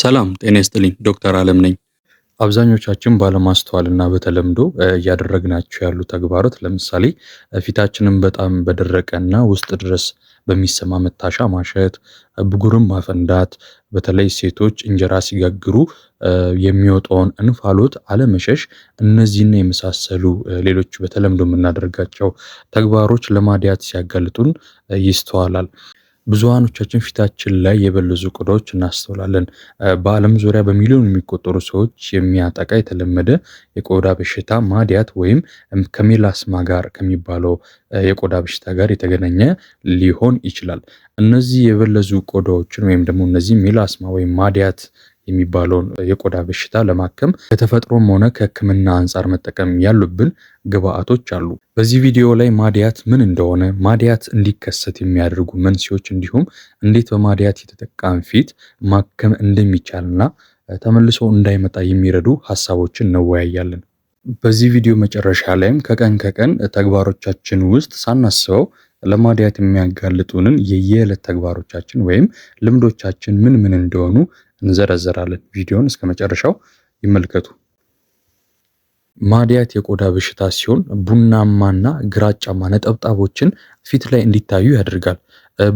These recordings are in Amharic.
ሰላም ጤና ይስጥልኝ። ዶክተር አለም ነኝ። አብዛኞቻችን ባለማስተዋል እና በተለምዶ እያደረግናቸው ያሉ ተግባሮት ለምሳሌ ፊታችንን በጣም በደረቀ እና ውስጥ ድረስ በሚሰማ መታሻ ማሸት፣ ብጉርን ማፈንዳት፣ በተለይ ሴቶች እንጀራ ሲጋግሩ የሚወጣውን እንፋሎት አለመሸሽ፣ እነዚህና የመሳሰሉ ሌሎች በተለምዶ የምናደርጋቸው ተግባሮች ለማዲያት ሲያጋልጡን ይስተዋላል። ብዙሃኖቻችን ፊታችን ላይ የበለዙ ቆዳዎች እናስተውላለን። በዓለም ዙሪያ በሚሊዮን የሚቆጠሩ ሰዎች የሚያጠቃ የተለመደ የቆዳ በሽታ ማዲያት ወይም ከሜላስማ ጋር ከሚባለው የቆዳ በሽታ ጋር የተገናኘ ሊሆን ይችላል። እነዚህ የበለዙ ቆዳዎችን ወይም ደግሞ እነዚህ ሜላስማ ወይም ማዲያት የሚባለውን የቆዳ በሽታ ለማከም ከተፈጥሮም ሆነ ከሕክምና አንጻር መጠቀም ያሉብን ግብአቶች አሉ። በዚህ ቪዲዮ ላይ ማድያት ምን እንደሆነ፣ ማድያት እንዲከሰት የሚያደርጉ መንስኤዎች፣ እንዲሁም እንዴት በማድያት የተጠቃም ፊት ማከም እንደሚቻልና ተመልሶ እንዳይመጣ የሚረዱ ሀሳቦችን እንወያያለን። በዚህ ቪዲዮ መጨረሻ ላይም ከቀን ከቀን ተግባሮቻችን ውስጥ ሳናስበው ለማድያት የሚያጋልጡንን የየዕለት ተግባሮቻችን ወይም ልምዶቻችን ምን ምን እንደሆኑ እንዘረዘራለን። ቪዲዮን እስከ መጨረሻው ይመልከቱ። ማዲያት የቆዳ በሽታ ሲሆን ቡናማና ግራጫማ ነጠብጣቦችን ፊት ላይ እንዲታዩ ያደርጋል።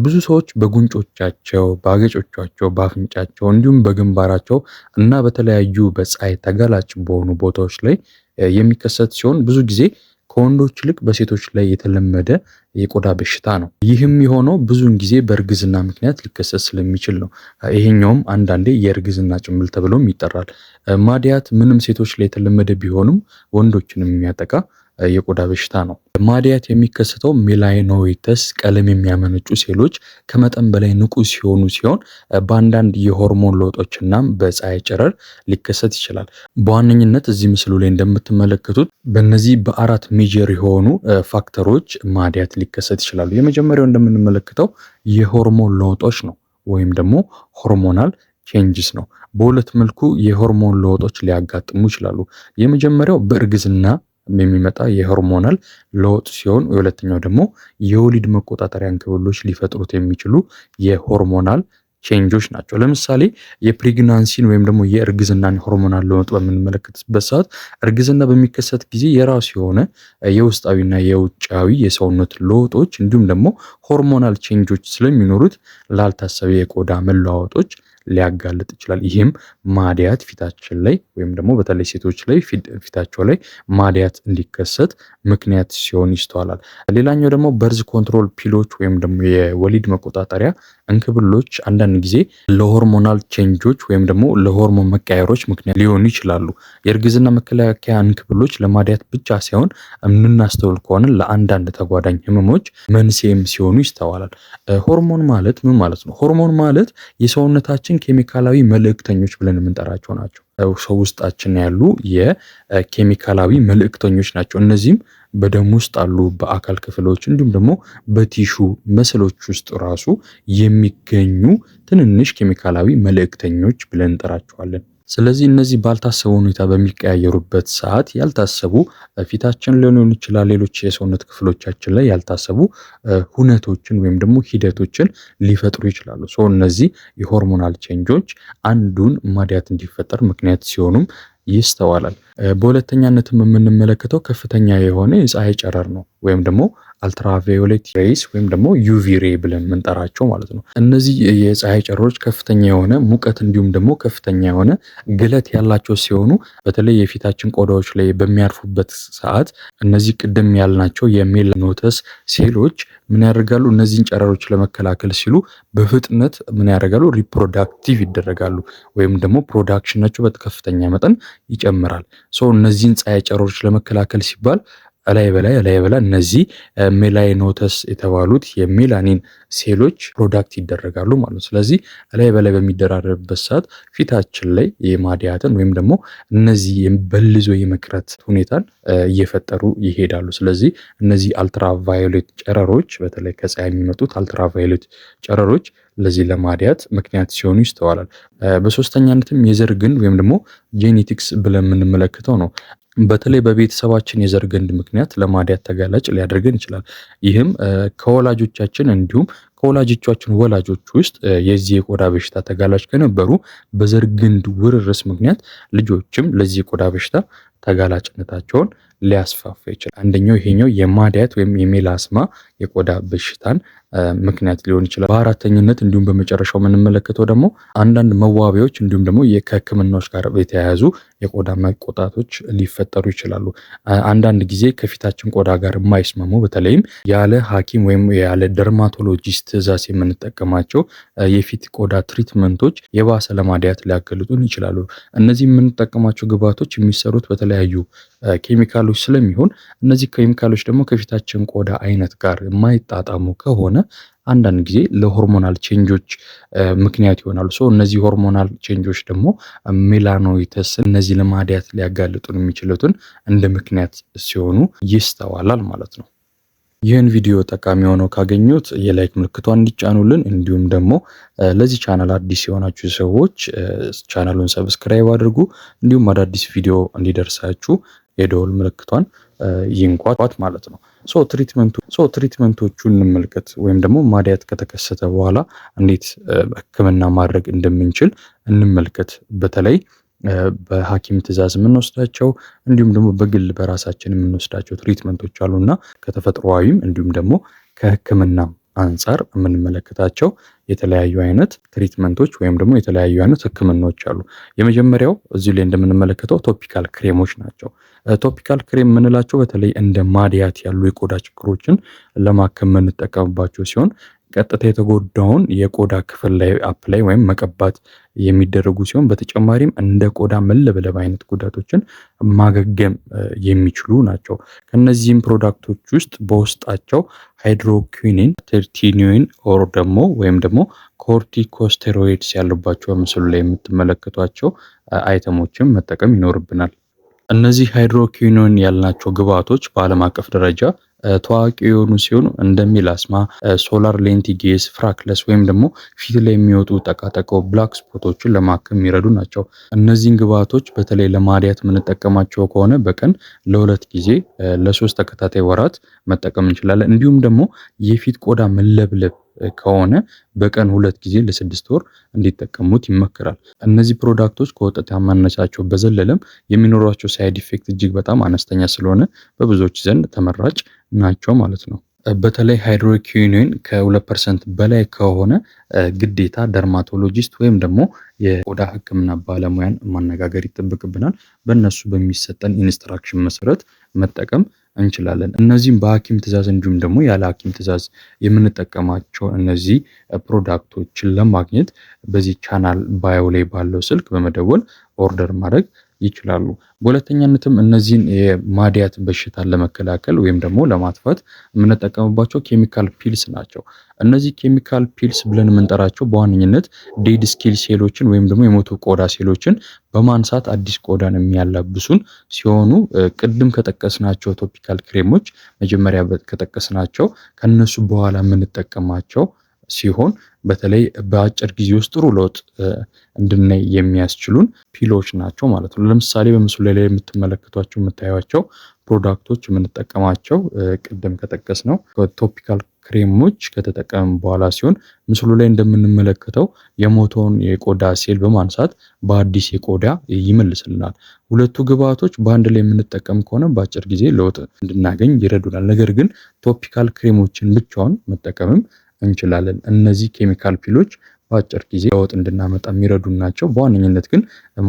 ብዙ ሰዎች በጉንጮቻቸው፣ በአገጮቻቸው፣ በአፍንጫቸው እንዲሁም በግንባራቸው እና በተለያዩ በፀሐይ ተጋላጭ በሆኑ ቦታዎች ላይ የሚከሰት ሲሆን ብዙ ጊዜ ከወንዶች ይልቅ በሴቶች ላይ የተለመደ የቆዳ በሽታ ነው። ይህም የሆነው ብዙውን ጊዜ በእርግዝና ምክንያት ሊከሰት ስለሚችል ነው። ይሄኛውም አንዳንዴ የእርግዝና ጭምብል ተብሎም ይጠራል። ማዲያት ምንም ሴቶች ላይ የተለመደ ቢሆንም ወንዶችንም የሚያጠቃ የቆዳ በሽታ ነው። ማዲያት የሚከሰተው ሜላኖይተስ ቀለም የሚያመነጩ ሴሎች ከመጠን በላይ ንቁ ሲሆኑ ሲሆን በአንዳንድ የሆርሞን ለውጦችና በፀሐይ ጨረር ሊከሰት ይችላል። በዋነኝነት እዚህ ምስሉ ላይ እንደምትመለከቱት በእነዚህ በአራት ሜጀር የሆኑ ፋክተሮች ማዲያት ሊከሰት ይችላሉ። የመጀመሪያው እንደምንመለከተው የሆርሞን ለውጦች ነው ወይም ደግሞ ሆርሞናል ቼንጅስ ነው። በሁለት መልኩ የሆርሞን ለውጦች ሊያጋጥሙ ይችላሉ። የመጀመሪያው በእርግዝና የሚመጣ የሆርሞናል ለውጥ ሲሆን ሁለተኛው ደግሞ የወሊድ መቆጣጠሪያ እንክብሎች ሊፈጥሩት የሚችሉ የሆርሞናል ቼንጆች ናቸው። ለምሳሌ የፕሬግናንሲን ወይም ደግሞ የእርግዝናን ሆርሞናል ለውጥ በምንመለከትበት ሰዓት እርግዝና በሚከሰት ጊዜ የራሱ የሆነ የውስጣዊና የውጫዊ የሰውነት ለውጦች እንዲሁም ደግሞ ሆርሞናል ቼንጆች ስለሚኖሩት ላልታሰበ የቆዳ መለዋወጦች ሊያጋልጥ ይችላል። ይህም ማዲያት ፊታችን ላይ ወይም ደግሞ በተለይ ሴቶች ላይ ፊታቸው ላይ ማዲያት እንዲከሰት ምክንያት ሲሆን ይስተዋላል። ሌላኛው ደግሞ በርዝ ኮንትሮል ፒሎች ወይም ደግሞ የወሊድ መቆጣጠሪያ እንክብሎች አንዳንድ ጊዜ ለሆርሞናል ቼንጆች ወይም ደግሞ ለሆርሞን መቀያየሮች ምክንያት ሊሆኑ ይችላሉ። የእርግዝና መከላከያ እንክብሎች ለማዳያት ብቻ ሳይሆን የምናስተውል ከሆነ ለአንዳንድ ተጓዳኝ ህመሞች መንስኤም ሲሆኑ ይስተዋላል። ሆርሞን ማለት ምን ማለት ነው? ሆርሞን ማለት የሰውነታችን ኬሚካላዊ መልእክተኞች ብለን የምንጠራቸው ናቸው። ሰው ውስጣችን ያሉ የኬሚካላዊ መልእክተኞች ናቸው። እነዚህም በደም ውስጥ አሉ በአካል ክፍሎች እንዲሁም ደግሞ በቲሹ መስሎች ውስጥ ራሱ የሚገኙ ትንንሽ ኬሚካላዊ መልእክተኞች ብለን እንጠራቸዋለን። ስለዚህ እነዚህ ባልታሰቡ ሁኔታ በሚቀያየሩበት ሰዓት ያልታሰቡ ፊታችን ሊሆን ይችላል፣ ሌሎች የሰውነት ክፍሎቻችን ላይ ያልታሰቡ ሁነቶችን ወይም ደግሞ ሂደቶችን ሊፈጥሩ ይችላሉ። ሰው እነዚህ የሆርሞናል ቼንጆች አንዱን ማዲያት እንዲፈጠር ምክንያት ሲሆኑም ይስተዋላል። በሁለተኛነትም የምንመለከተው ከፍተኛ የሆነ የፀሐይ ጨረር ነው ወይም ደግሞ አልትራቫዮሌት ሬይስ ወይም ደግሞ ዩቪ ሬ ብለን የምንጠራቸው ማለት ነው። እነዚህ የፀሐይ ጨረሮች ከፍተኛ የሆነ ሙቀት እንዲሁም ደግሞ ከፍተኛ የሆነ ግለት ያላቸው ሲሆኑ በተለይ የፊታችን ቆዳዎች ላይ በሚያርፉበት ሰዓት እነዚህ ቅድም ያልናቸው የሜላኖተስ ሴሎች ምን ያደርጋሉ? እነዚህን ጨረሮች ለመከላከል ሲሉ በፍጥነት ምን ያደርጋሉ? ሪፕሮዳክቲቭ ይደረጋሉ ወይም ደግሞ ፕሮዳክሽናቸው በከፍተኛ መጠን ይጨምራል። ሰው እነዚህን ፀሐይ ጨረሮች ለመከላከል ሲባል እላይ በላይ እላይ በላ እነዚህ ሜላይኖተስ የተባሉት የሜላኒን ሴሎች ፕሮዳክት ይደረጋሉ ማለት ነው። ስለዚህ እላይ በላይ በሚደራረብበት ሰዓት ፊታችን ላይ የማዲያትን ወይም ደግሞ እነዚህ በልዞ የመቅረት ሁኔታን እየፈጠሩ ይሄዳሉ። ስለዚህ እነዚህ አልትራቫዮሌት ጨረሮች በተለይ ከፀሐይ የሚመጡት አልትራቫዮሌት ጨረሮች ለዚህ ለማድያት ምክንያት ሲሆኑ ይስተዋላል። በሶስተኛነትም የዘር ግንድ ወይም ደግሞ ጄኔቲክስ ብለን የምንመለከተው ነው። በተለይ በቤተሰባችን የዘር ግንድ ምክንያት ለማድያት ተጋላጭ ሊያደርገን ይችላል። ይህም ከወላጆቻችን እንዲሁም ከወላጆቻችን ወላጆች ውስጥ የዚህ የቆዳ በሽታ ተጋላጭ ከነበሩ በዘር ግንድ ውርርስ ምክንያት ልጆችም ለዚህ የቆዳ በሽታ ተጋላጭነታቸውን ሊያስፋፋ ይችላል። አንደኛው ይሄኛው የማዳያት ወይም የሜላስማ የቆዳ በሽታን ምክንያት ሊሆን ይችላል። በአራተኝነት እንዲሁም በመጨረሻው የምንመለከተው ደግሞ አንዳንድ መዋቢያዎች እንዲሁም ደግሞ ከሕክምናዎች ጋር የተያያዙ የቆዳ መቆጣቶች ሊፈጠሩ ይችላሉ። አንዳንድ ጊዜ ከፊታችን ቆዳ ጋር የማይስማሙ በተለይም ያለ ሐኪም ወይም ያለ ደርማቶሎጂስት ትዕዛዝ የምንጠቀማቸው የፊት ቆዳ ትሪትመንቶች የባሰ ለማዳያት ሊያገልጡን ይችላሉ። እነዚህ የምንጠቀማቸው ግብዓቶች የሚሰሩት በተለያዩ ኬሚካሎች ስለሚሆን እነዚህ ኬሚካሎች ደግሞ ከፊታችን ቆዳ አይነት ጋር የማይጣጣሙ ከሆነ አንዳንድ ጊዜ ለሆርሞናል ቼንጆች ምክንያት ይሆናሉ። ሶ እነዚህ ሆርሞናል ቼንጆች ደግሞ ሜላኖይተስ፣ እነዚህ ለማዲያት ሊያጋልጡን የሚችሉትን እንደ ምክንያት ሲሆኑ ይስተዋላል ማለት ነው። ይህን ቪዲዮ ጠቃሚ ሆነው ካገኙት የላይክ ምልክቷ እንዲጫኑልን እንዲሁም ደግሞ ለዚህ ቻናል አዲስ የሆናችሁ ሰዎች ቻናሉን ሰብስክራይብ አድርጉ። እንዲሁም አዳዲስ ቪዲዮ እንዲደርሳችሁ የደወል ምልክቷን ይንኳት ማለት ነው። ሶ ትሪትመንቶቹ እንመልከት ወይም ደግሞ ማድያት ከተከሰተ በኋላ እንዴት ሕክምና ማድረግ እንደምንችል እንመልከት። በተለይ በሐኪም ትዕዛዝ የምንወስዳቸው እንዲሁም ደግሞ በግል በራሳችን የምንወስዳቸው ትሪትመንቶች አሉና ከተፈጥሮዊም እንዲሁም ደግሞ ከሕክምናም አንጻር የምንመለከታቸው የተለያዩ አይነት ትሪትመንቶች ወይም ደግሞ የተለያዩ አይነት ህክምናዎች አሉ። የመጀመሪያው እዚሁ ላይ እንደምንመለከተው ቶፒካል ክሬሞች ናቸው። ቶፒካል ክሬም የምንላቸው በተለይ እንደ ማዲያት ያሉ የቆዳ ችግሮችን ለማከም የምንጠቀምባቸው ሲሆን ቀጥታ የተጎዳውን የቆዳ ክፍል ላይ አፕላይ ወይም መቀባት የሚደረጉ ሲሆን በተጨማሪም እንደ ቆዳ መለበለብ አይነት ጉዳቶችን ማገገም የሚችሉ ናቸው። ከነዚህም ፕሮዳክቶች ውስጥ በውስጣቸው ሃይድሮኪኒን፣ ተርቲኒን ኦር ደግሞ ወይም ደግሞ ኮርቲኮስቴሮይድስ ያሉባቸው በምስሉ ላይ የምትመለከቷቸው አይተሞችን መጠቀም ይኖርብናል። እነዚህ ሃይድሮኪኒን ያልናቸው ግብአቶች በዓለም አቀፍ ደረጃ ታዋቂ የሆኑ ሲሆኑ እንደ ሚላስማ፣ ሶላር ሌንቲጌስ፣ ፍራክለስ ወይም ደግሞ ፊት ላይ የሚወጡ ጠቃጠቀው ብላክ ስፖቶችን ለማከም የሚረዱ ናቸው። እነዚህን ግብዓቶች በተለይ ለማድያት የምንጠቀማቸው ከሆነ በቀን ለሁለት ጊዜ ለሶስት ተከታታይ ወራት መጠቀም እንችላለን። እንዲሁም ደግሞ የፊት ቆዳ መለብለብ ከሆነ በቀን ሁለት ጊዜ ለስድስት ወር እንዲጠቀሙት ይመከራል። እነዚህ ፕሮዳክቶች ከወተት ያማነቻቸው በዘለለም የሚኖሯቸው ሳይድ ኢፌክት እጅግ በጣም አነስተኛ ስለሆነ በብዙዎች ዘንድ ተመራጭ ናቸው ማለት ነው። በተለይ ሃይድሮኪኒን ከሁለት ፐርሰንት በላይ ከሆነ ግዴታ ደርማቶሎጂስት ወይም ደግሞ የቆዳ ሕክምና ባለሙያን ማነጋገር ይጠበቅብናል። በእነሱ በሚሰጠን ኢንስትራክሽን መሰረት መጠቀም እንችላለን። እነዚህም በሐኪም ትእዛዝ እንዲሁም ደግሞ ያለ ሐኪም ትእዛዝ የምንጠቀማቸው እነዚህ ፕሮዳክቶችን ለማግኘት በዚህ ቻናል ባዮ ላይ ባለው ስልክ በመደወል ኦርደር ማድረግ ይችላሉ። በሁለተኛነትም እነዚህን የማድያት በሽታን ለመከላከል ወይም ደግሞ ለማጥፋት የምንጠቀምባቸው ኬሚካል ፒልስ ናቸው። እነዚህ ኬሚካል ፒልስ ብለን የምንጠራቸው በዋነኝነት ዴድ ስኪል ሴሎችን ወይም ደግሞ የሞቱ ቆዳ ሴሎችን በማንሳት አዲስ ቆዳን የሚያላብሱን ሲሆኑ ቅድም ከጠቀስናቸው ቶፒካል ክሬሞች መጀመሪያ ከጠቀስናቸው ከነሱ በኋላ የምንጠቀማቸው ሲሆን በተለይ በአጭር ጊዜ ውስጥ ጥሩ ለውጥ እንድናይ የሚያስችሉን ፒሎች ናቸው ማለት ነው። ለምሳሌ በምስሉ ላይ የምትመለከቷቸው የምታዩቸው ፕሮዳክቶች የምንጠቀማቸው ቅድም ከጠቀስ ነው ቶፒካል ክሬሞች ከተጠቀም በኋላ ሲሆን ምስሉ ላይ እንደምንመለከተው የሞተውን የቆዳ ሴል በማንሳት በአዲስ የቆዳ ይመልስልናል። ሁለቱ ግብአቶች በአንድ ላይ የምንጠቀም ከሆነ በአጭር ጊዜ ለውጥ እንድናገኝ ይረዱናል። ነገር ግን ቶፒካል ክሬሞችን ብቻውን መጠቀምም እንችላለን። እነዚህ ኬሚካል ፒሎች በአጭር ጊዜ ለውጥ እንድናመጣ የሚረዱን ናቸው። በዋነኝነት ግን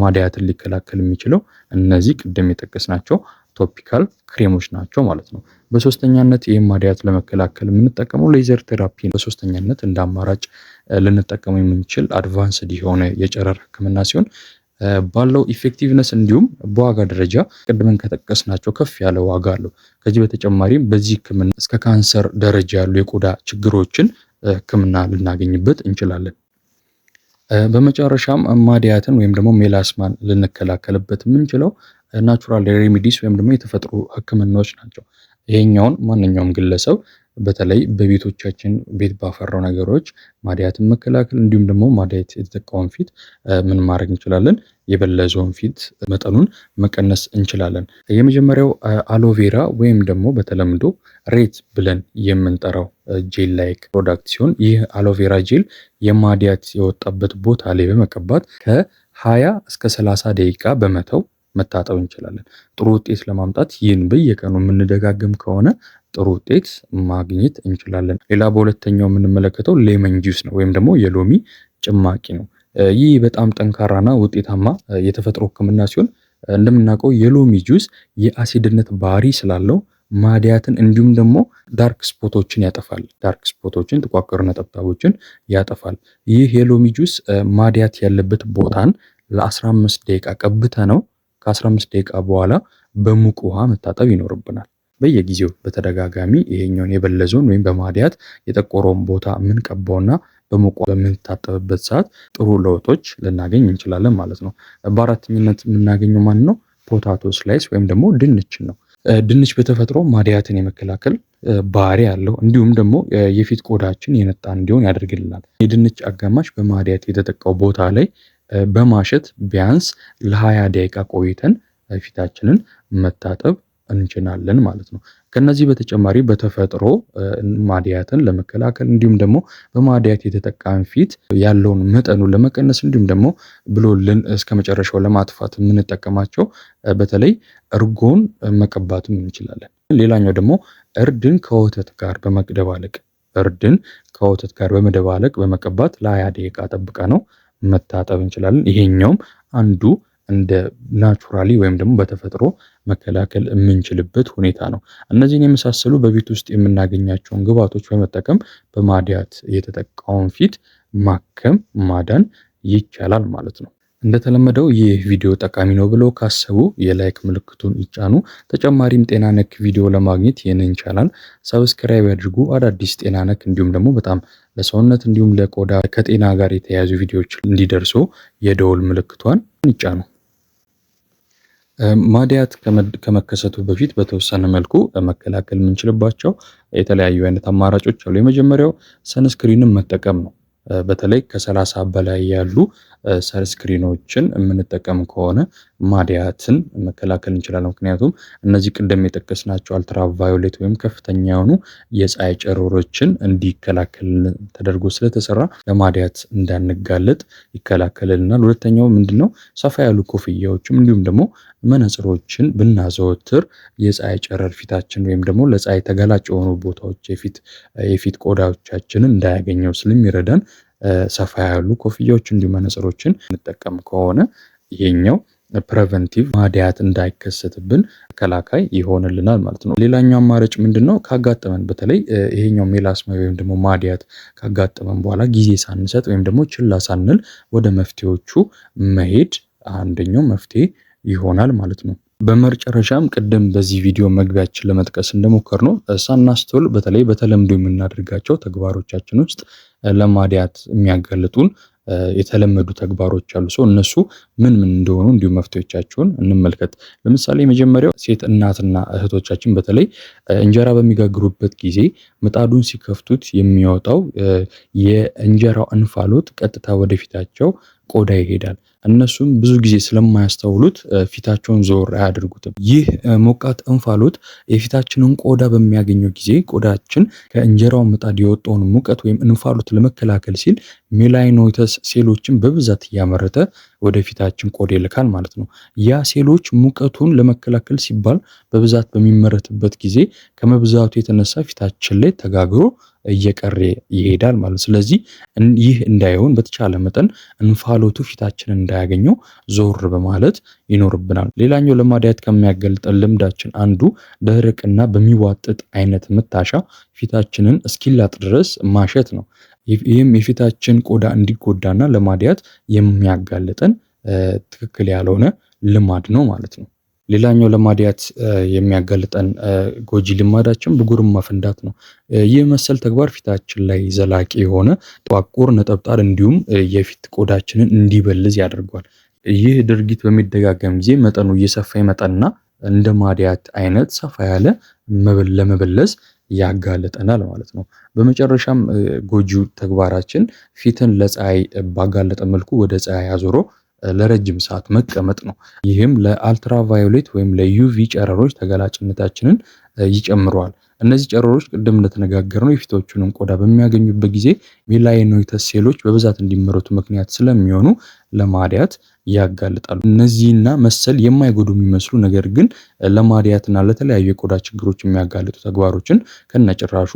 ማዳያትን ሊከላከል የሚችለው እነዚህ ቅድም የጠቀስናቸው ቶፒካል ክሬሞች ናቸው ማለት ነው። በሶስተኛነት ይህም ማዳያት ለመከላከል የምንጠቀመው ሌዘር ቴራፒ በሶስተኛነት እንደ አማራጭ ልንጠቀመው የምንችል አድቫንስድ የሆነ የጨረር ህክምና ሲሆን ባለው ኢፌክቲቭነስ እንዲሁም በዋጋ ደረጃ ቅድመን ከጠቀስናቸው ከፍ ያለ ዋጋ አለው። ከዚህ በተጨማሪም በዚህ ህክምና እስከ ካንሰር ደረጃ ያሉ የቆዳ ችግሮችን ህክምና ልናገኝበት እንችላለን። በመጨረሻም ማዲያትን ወይም ደግሞ ሜላስማን ልንከላከልበት የምንችለው ናቹራል ሬሚዲስ ወይም ደግሞ የተፈጥሮ ህክምናዎች ናቸው። ይሄኛውን ማንኛውም ግለሰብ በተለይ በቤቶቻችን ቤት ባፈራው ነገሮች ማዲያትን መከላከል እንዲሁም ደግሞ ማዲያት የተጠቃውን ፊት ምን ማድረግ እንችላለን? የበለዘውን ፊት መጠኑን መቀነስ እንችላለን። የመጀመሪያው አሎቬራ ወይም ደግሞ በተለምዶ ሬት ብለን የምንጠራው ጄል ላይክ ፕሮዳክት ሲሆን ይህ አሎቬራ ጄል የማዲያት የወጣበት ቦታ ላይ በመቀባት ከ20 እስከ 30 ደቂቃ በመተው መታጠብ እንችላለን። ጥሩ ውጤት ለማምጣት ይህን በየቀኑ የምንደጋግም ከሆነ ጥሩ ውጤት ማግኘት እንችላለን። ሌላ በሁለተኛው የምንመለከተው ሌመን ጁስ ነው ወይም ደግሞ የሎሚ ጭማቂ ነው። ይህ በጣም ጠንካራና ውጤታማ የተፈጥሮ ሕክምና ሲሆን እንደምናውቀው የሎሚ ጁስ የአሲድነት ባህሪ ስላለው ማዲያትን እንዲሁም ደግሞ ዳርክ ስፖቶችን ያጠፋል። ዳርክ ስፖቶችን ጥቋቁር ነጠብጣቦችን ያጠፋል። ይህ የሎሚ ጁስ ማዲያት ያለበት ቦታን ለ15 ደቂቃ ቀብተ ነው ከ15 ደቂቃ በኋላ በሙቅ ውሃ መታጠብ ይኖርብናል። በየጊዜው በተደጋጋሚ ይሄኛውን የበለዘውን ወይም በማድያት የጠቆረውን ቦታ የምንቀባውና በመቋ በምንታጠብበት ሰዓት ጥሩ ለውጦች ልናገኝ እንችላለን ማለት ነው። በአራተኝነት የምናገኘው ማን ነው? ፖታቶ ስላይስ ወይም ደግሞ ድንችን ነው። ድንች በተፈጥሮ ማድያትን የመከላከል ባህሪ አለው። እንዲሁም ደግሞ የፊት ቆዳችን የነጣ እንዲሆን ያደርግልናል። የድንች አጋማሽ በማድያት የተጠቃው ቦታ ላይ በማሸት ቢያንስ ለሀያ ደቂቃ ቆይተን ፊታችንን መታጠብ እንችላለን ማለት ነው። ከነዚህ በተጨማሪ በተፈጥሮ ማድያትን ለመከላከል እንዲሁም ደግሞ በማድያት የተጠቃሚ ፊት ያለውን መጠኑ ለመቀነስ እንዲሁም ደግሞ ብሎልን እስከ መጨረሻው ለማጥፋት የምንጠቀማቸው በተለይ እርጎን መቀባትም እንችላለን። ሌላኛው ደግሞ እርድን ከወተት ጋር በመደባለቅ እርድን ከወተት ጋር በመደባለቅ በመቀባት ለሀያ ደቂቃ ጠብቀ ነው መታጠብ እንችላለን። ይሄኛውም አንዱ እንደ ናቹራሊ ወይም ደግሞ በተፈጥሮ መከላከል የምንችልበት ሁኔታ ነው። እነዚህን የመሳሰሉ በቤት ውስጥ የምናገኛቸውን ግብዓቶች በመጠቀም በማድያት የተጠቃውን ፊት ማከም ማዳን ይቻላል ማለት ነው። እንደተለመደው ይህ ቪዲዮ ጠቃሚ ነው ብለው ካሰቡ የላይክ ምልክቱን ይጫኑ። ተጨማሪም ጤና ነክ ቪዲዮ ለማግኘት ይህንን ቻናል ሰብስክራይብ ያድርጉ። አዳዲስ ጤና ነክ እንዲሁም ደግሞ በጣም ለሰውነት እንዲሁም ለቆዳ ከጤና ጋር የተያያዙ ቪዲዮዎች እንዲደርሱ የደውል ምልክቷን ይጫኑ። ማዲያት ከመከሰቱ በፊት በተወሰነ መልኩ መከላከል የምንችልባቸው የተለያዩ አይነት አማራጮች አሉ። የመጀመሪያው ሰንስክሪንን መጠቀም ነው። በተለይ ከሰላሳ በላይ ያሉ ሰርስክሪኖችን የምንጠቀም ከሆነ ማዲያትን መከላከል እንችላለን። ምክንያቱም እነዚህ ቅደም የጠቀስናቸው አልትራቫዮሌት ወይም ከፍተኛ የሆኑ የፀሐይ ጨረሮችን እንዲከላከል ተደርጎ ስለተሰራ ለማዲያት እንዳንጋለጥ ይከላከልልናል። ሁለተኛው ምንድን ነው? ሰፋ ያሉ ኮፍያዎችም እንዲሁም ደግሞ መነጽሮችን ብናዘወትር የፀሐይ ጨረር ፊታችን ወይም ደግሞ ለፀሐይ ተጋላጭ የሆኑ ቦታዎች የፊት ቆዳዎቻችንን እንዳያገኘው ስለሚረዳን ሰፋ ያሉ ኮፍያዎች እንዲሁ መነጽሮችን እንጠቀም ከሆነ ይሄኛው ፕሬቨንቲቭ ማዲያት እንዳይከሰትብን ከላካይ ይሆንልናል ማለት ነው። ሌላኛው አማራጭ ምንድን ነው? ካጋጠመን በተለይ ይሄኛው ሜላስማ ወይም ደግሞ ማዲያት ካጋጠመን በኋላ ጊዜ ሳንሰጥ ወይም ደግሞ ችላ ሳንል ወደ መፍትሄዎቹ መሄድ አንደኛው መፍትሄ ይሆናል ማለት ነው። በመጨረሻም ቅድም በዚህ ቪዲዮ መግቢያችን ለመጥቀስ እንደሞከርነው ሳናስተውል በተለይ በተለምዶ የምናደርጋቸው ተግባሮቻችን ውስጥ ለማዲያት የሚያጋልጡን የተለመዱ ተግባሮች አሉ። ሰው እነሱ ምን ምን እንደሆኑ እንዲሁም መፍትሄዎቻቸውን እንመልከት። ለምሳሌ የመጀመሪያው ሴት እናትና እህቶቻችን በተለይ እንጀራ በሚጋግሩበት ጊዜ ምጣዱን ሲከፍቱት የሚወጣው የእንጀራው እንፋሎት ቀጥታ ወደፊታቸው ቆዳ ይሄዳል። እነሱም ብዙ ጊዜ ስለማያስተውሉት ፊታቸውን ዞር አያደርጉትም። ይህ ሞቃት እንፋሎት የፊታችንን ቆዳ በሚያገኘው ጊዜ ቆዳችን ከእንጀራው ምጣድ የወጣውን ሙቀት ወይም እንፋሎት ለመከላከል ሲል ሜላይኖተስ ሴሎችን በብዛት እያመረተ ወደፊታችን ቆዳ ይልካል ማለት ነው። ያ ሴሎች ሙቀቱን ለመከላከል ሲባል በብዛት በሚመረትበት ጊዜ ከመብዛቱ የተነሳ ፊታችን ላይ ተጋግሮ እየቀረ ይሄዳል ማለት ስለዚህ ይህ እንዳይሆን በተቻለ መጠን እንፋሎቱ ፊታችንን እንዳያገኘው ዞር በማለት ይኖርብናል። ሌላኛው ለማዳየት ከሚያገልጠን ልምዳችን አንዱ ደረቅና በሚዋጥጥ አይነት መታሻ ፊታችንን እስኪላጥ ድረስ ማሸት ነው። ይህም የፊታችን ቆዳ እንዲጎዳና ለማድያት የሚያጋልጠን ትክክል ያልሆነ ልማድ ነው ማለት ነው። ሌላኛው ለማድያት የሚያጋልጠን ጎጂ ልማዳችን ብጉርም መፍንዳት ነው። ይህ መሰል ተግባር ፊታችን ላይ ዘላቂ የሆነ ጥቋቁር ነጠብጣብ እንዲሁም የፊት ቆዳችንን እንዲበልዝ ያደርጓል። ይህ ድርጊት በሚደጋገም ጊዜ መጠኑ እየሰፋ ይመጣና እንደ ማድያት አይነት ሰፋ ያለ ለመበለዝ ያጋለጠናል ማለት ነው። በመጨረሻም ጎጂው ተግባራችን ፊትን ለፀሐይ ባጋለጠ መልኩ ወደ ፀሐይ አዞሮ ለረጅም ሰዓት መቀመጥ ነው። ይህም ለአልትራቫዮሌት ወይም ለዩቪ ጨረሮች ተጋላጭነታችንን ይጨምረዋል። እነዚህ ጨረሮች ቅድም እንደተነጋገርነው የፊቶቹንም ቆዳ በሚያገኙበት ጊዜ ሜላኖይተስ ሴሎች በብዛት እንዲመረቱ ምክንያት ስለሚሆኑ ለማዲያት ያጋልጣሉ። እነዚህና መሰል የማይጎዱ የሚመስሉ ነገር ግን ለማዲያትና ለተለያዩ የቆዳ ችግሮች የሚያጋልጡ ተግባሮችን ከነጭራሹ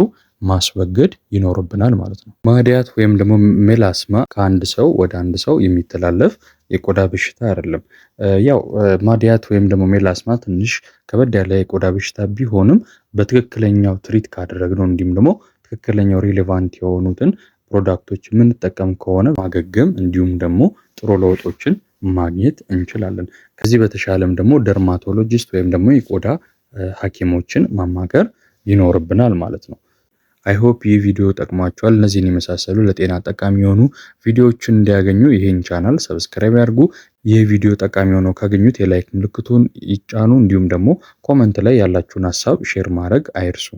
ማስወገድ ይኖርብናል ማለት ነው። ማዲያት ወይም ደግሞ ሜላስማ ከአንድ ሰው ወደ አንድ ሰው የሚተላለፍ የቆዳ በሽታ አይደለም። ያው ማዲያት ወይም ደግሞ ሜላስማ ትንሽ ከበድ ያለ የቆዳ በሽታ ቢሆንም በትክክለኛው ትሪት ካደረግነው እንዲሁም ደግሞ ትክክለኛው ሪሌቫንት የሆኑትን ፕሮዳክቶች የምንጠቀም ከሆነ ማገገም እንዲሁም ደግሞ ጥሩ ለውጦችን ማግኘት እንችላለን። ከዚህ በተሻለም ደግሞ ደርማቶሎጂስት ወይም ደግሞ የቆዳ ሐኪሞችን ማማከር ይኖርብናል ማለት ነው። አይሆፕ ይህ ቪዲዮ ጠቅሟቸዋል። እነዚህን የመሳሰሉ ለጤና ጠቃሚ የሆኑ ቪዲዮዎችን እንዲያገኙ ይህን ቻናል ሰብስክራይብ ያድርጉ። ይህ ቪዲዮ ጠቃሚ ሆኖ ካገኙት የላይክ ምልክቱን ይጫኑ። እንዲሁም ደግሞ ኮመንት ላይ ያላችሁን ሀሳብ ሼር ማድረግ አይርሱ።